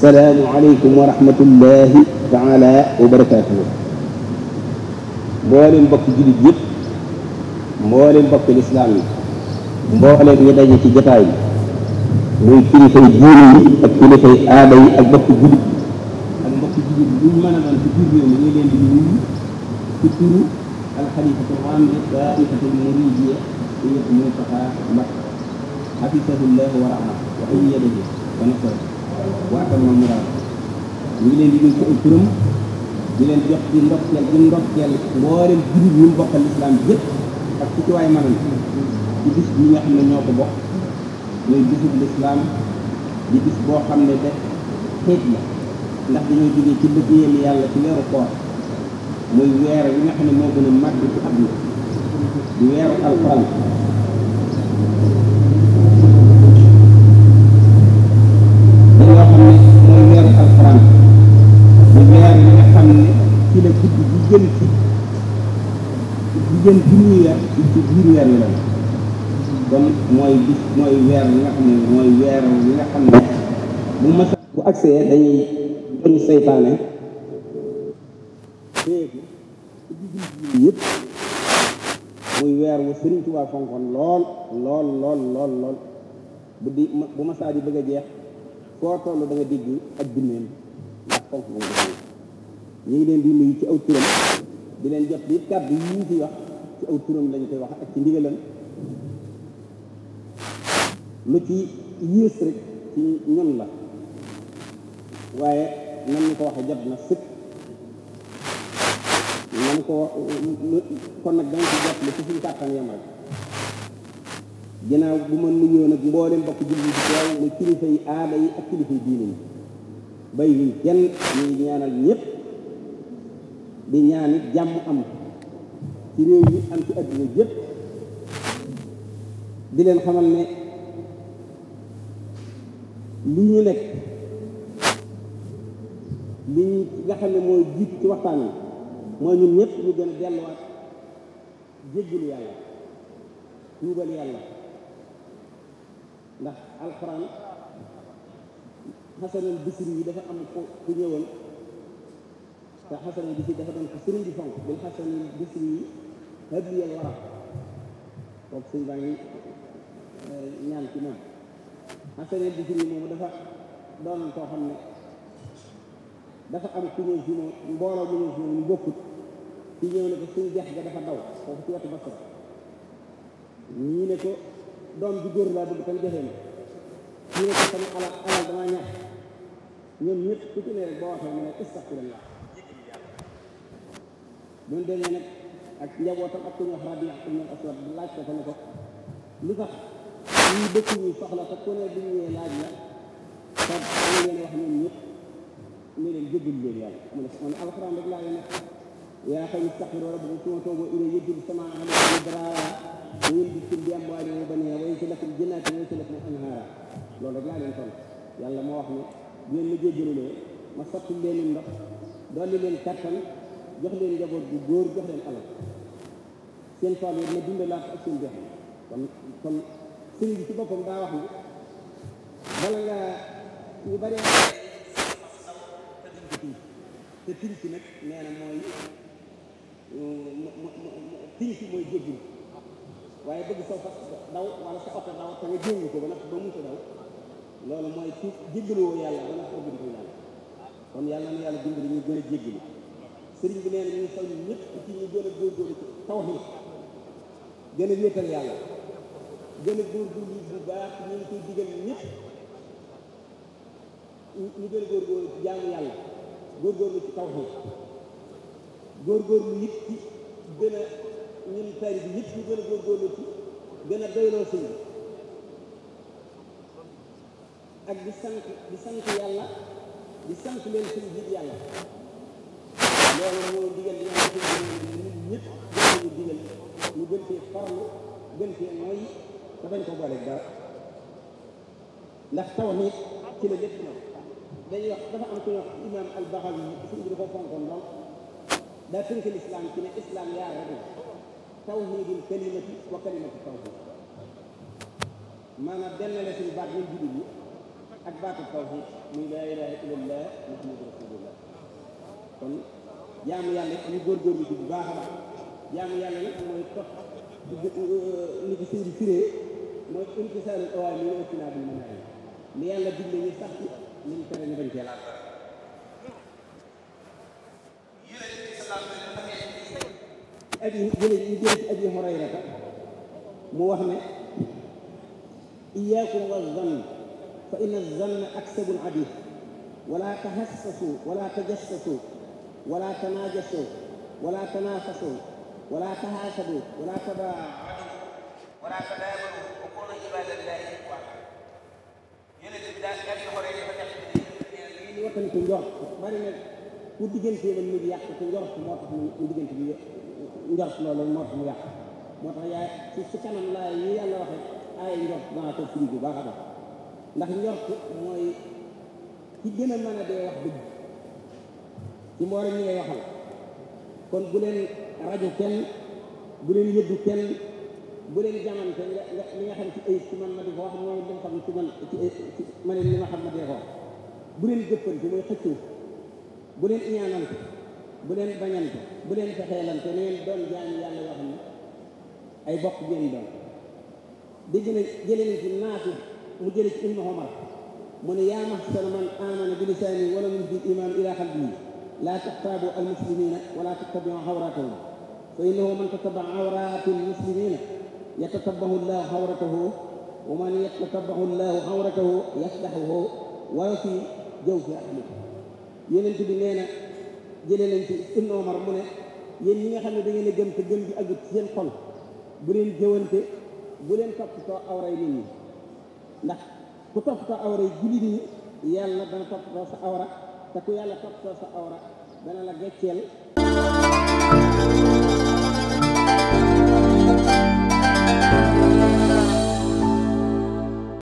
السلام warahmatullahi wabarakatuh. الله تعالى وبركاته مولين بك جلد يب مولين بك الإسلام مولين يدعي في جتاي muy kilifay diine yi ak kilifay aada yi ak bokk julit ak bokk julit luñ mën a doon al xalifatu waamne daifatul muridiya iyat muntaha wa rahmah wa ayyadahu wa nasarahu waa Atalma Mourad ñu ngi leen di nuyu ci ay turam di leen jox di ndokkeel di ndokkeel mboolem jullit ñu bokkal lislaam yëpp ak ku ci waay manam ci bis bi nga xam ne ñoo ko bokk ñooy bisub lislaam di bis boo xam ne de xeet la ndax dañoo jógee ci liggéeyal yàlla ci weeru koor muy weer yi nga xam ne moo gën a màgg ci àdduna di weeru alxuraan jigéen jigéen junni weer junni weer yu la kon mooy bi mooy weer li nga xam ne mooy weer li nga xam ne bu mas bu agsee dañuy seytaane téyeku muy weer wu Sëriñ Tuubaa fonkoon lool lool lool lool lool bu di bu masaa di bëgg a jeex foo toll da nga ak bineen ñu ngi leen di nuyu ci aw turam di leen jox bi kàddu yi ñu fi wax ci aw turam lañ koy wax ak ci ndigalam lu ci yées rek ci ñun la waaye nan ñu ko waxee jot na sëkk nan ko kon nag dañ ci jot lu ci suñu kàttan yam rek ginnaaw bu ma nuyoo nag mboolem mbokk julli di teew muy kilifa yi aada yi ak kilifa yi diine yi bay yuñ kenn ñuy ñaanal ñëpp di ñaan jàmm am ci réew mi am ci adduna yëpp di leen xamal ne li ñu nekk li ñu nga xam ne mooy jiit ci waxtaan wi mooy ñun ñëpp ñu gën a delluwaat jéggul yàlla tuubal yàlla ndax alxuraan xasanal bisri yi dafa am ku ñëwal te xasan bi si dafa doon ko sëriñ bi fonk bul xasan yi bis yi hëbliyal waram kooku suñ baa ngi eh, ñaan ci moom xasan yi bis yi moom dafa doon koo xam ne dafa am ku ñëw si moom mbooloo bu ñëw si bokkut ci ñëw ne ko suñ jeex ga dafa daw kooku ci wetu basar ñii ne ko doom ju góor laa bëgg tam joxe na ñii ne ko sama alal alal damaa ñaax ñoom ñëpp ku ci ne rek boo waxee mu ne istaxfirullah bu ñu demee nag ak njabootam ak ku ñuy wax Rabi'a ku ñuy wax Aswad laaj ko fa ne ko lu tax ñuy dëkk ñuy soxla te ku ne bu leen wax ñoom leen jëggal laa leen wax yaa xëy istaxfiru rabbakum summa tuubu ilayhi yursil samaa alaykum midraara wa yumdidkum bi amwaalin wa baniina wa yaj'al lakum jannaatin wa yaj'al jox leen njaboot bu góor jox leen alal seen faalu na dundalaat ak seen jox kon kon sëriñ bi ci boppam daa wax ne bala nga ñu te tiñ si nag nee na mooy tiñ si mooy jéggul waaye bëgg saw fas daw wala sa oto daw te nga jéngu ko ba nag ba mun ko daw loolu mooy ci jéggaluwoo yàlla ba nag ko gën ko yàlla kon yàlla na yàlla dimbali ñu gën a jéggalu sëriñ bi nee na ñu ngi fay ñëpp ci ñu gën a góorgóorlu ci tawxiid gën a wéetal yàlla gën a góorgóorlu bu baax ñu ngi koy digal ñëpp gën a góorgóorlu ci jaamu góor góorgóorlu ci tawxiid góorgóorlu it ci gën a ñun tari bi ñëpp ñu gën a góorgóorlu ci gën a doyloo sëñ ak di sant di sant yàlla di sant leen sëñ bi yàlla loolu mooy digal li nga xam ne nit ñëpp gën ñu digal ñu gën cee farlu gën cee mooy te bañ ko boole dara ndax taw ni ci la lépp nag dañuy wax dafa am ku ñuy wax imam al-Baghawi yi suñ bi dafa fonkoon lool daa tënk lislaam ci ne islam yaar rek la tawhidul kalimati wa kalimatu tawhid maanaam benn la suñu baat ñu jublu yi ak baatu tawhid muy laa ilaha illallah muhammadu rasulullah kon jaamu yàlla ñu góorgóorlu ji bu baax a baax jaamu yàlla nag mooy topp ni ko sëñ bi firee mooy imtisaal awaay mi ëpp naa bi mën li yàlla digle ñu sax ci li ñu tere ñu bañ cee laal abi jële ñu jële ci abi Hurayrata mu wax ne iyaakum wa zann fa inna zann aksabul adid wala tahassasu wala tajassasu ولا تناجسوا ولا تنافسوا ولا تحاسدوا ولا تباعدوا ولا تدابروا وكونوا عباد الله اخوانا يونس بدا كان يخرج لي وكنت نجوح ما لنا وديجنتي من ميديا تنجوح ما وديجنتي نجوح لولا ما تنجوح moo tax yaay ci si kanam laay yi yàlla waxee ay njort dana ko firi bu baax a baax ndax njort mooy ci gën a mën a ci mboolem ñi ngay kon bu leen rajo kenn bu leen yëddu kenn bu leen jamante li nga xam ci ay ci man ma di ko wax mooy li nga xam ci man ci ci ma leen li ma xam ma di ko wax bu leen jëppante mooy bu leen iñaanante bu leen bañante bu doon jaami yàlla yoo ay bokk ngeen doon dégg na na ci naafi mu jële ci ibnu Omar mu ne yaa mahsar man amana bi lisaani wala min bi iman ila qalbi لا تقتربوا المسلمين ولا تتبعوا عوراتهم فإنه من تتبع عورات المسلمين يتتبه الله عورته ومن يتتبع الله عورته يفتحه وفي جوف أحمد يننت بنينا جلل انت إنه مرمونة يني خلنا دينا جمت جمت أجد سين قل بلين جوانت بلين تبتا أوري مني لا تبتا أوري جلدي يالله بنا تبتا أوري te ku yàlla toppatoo sa awra dana la gëcceel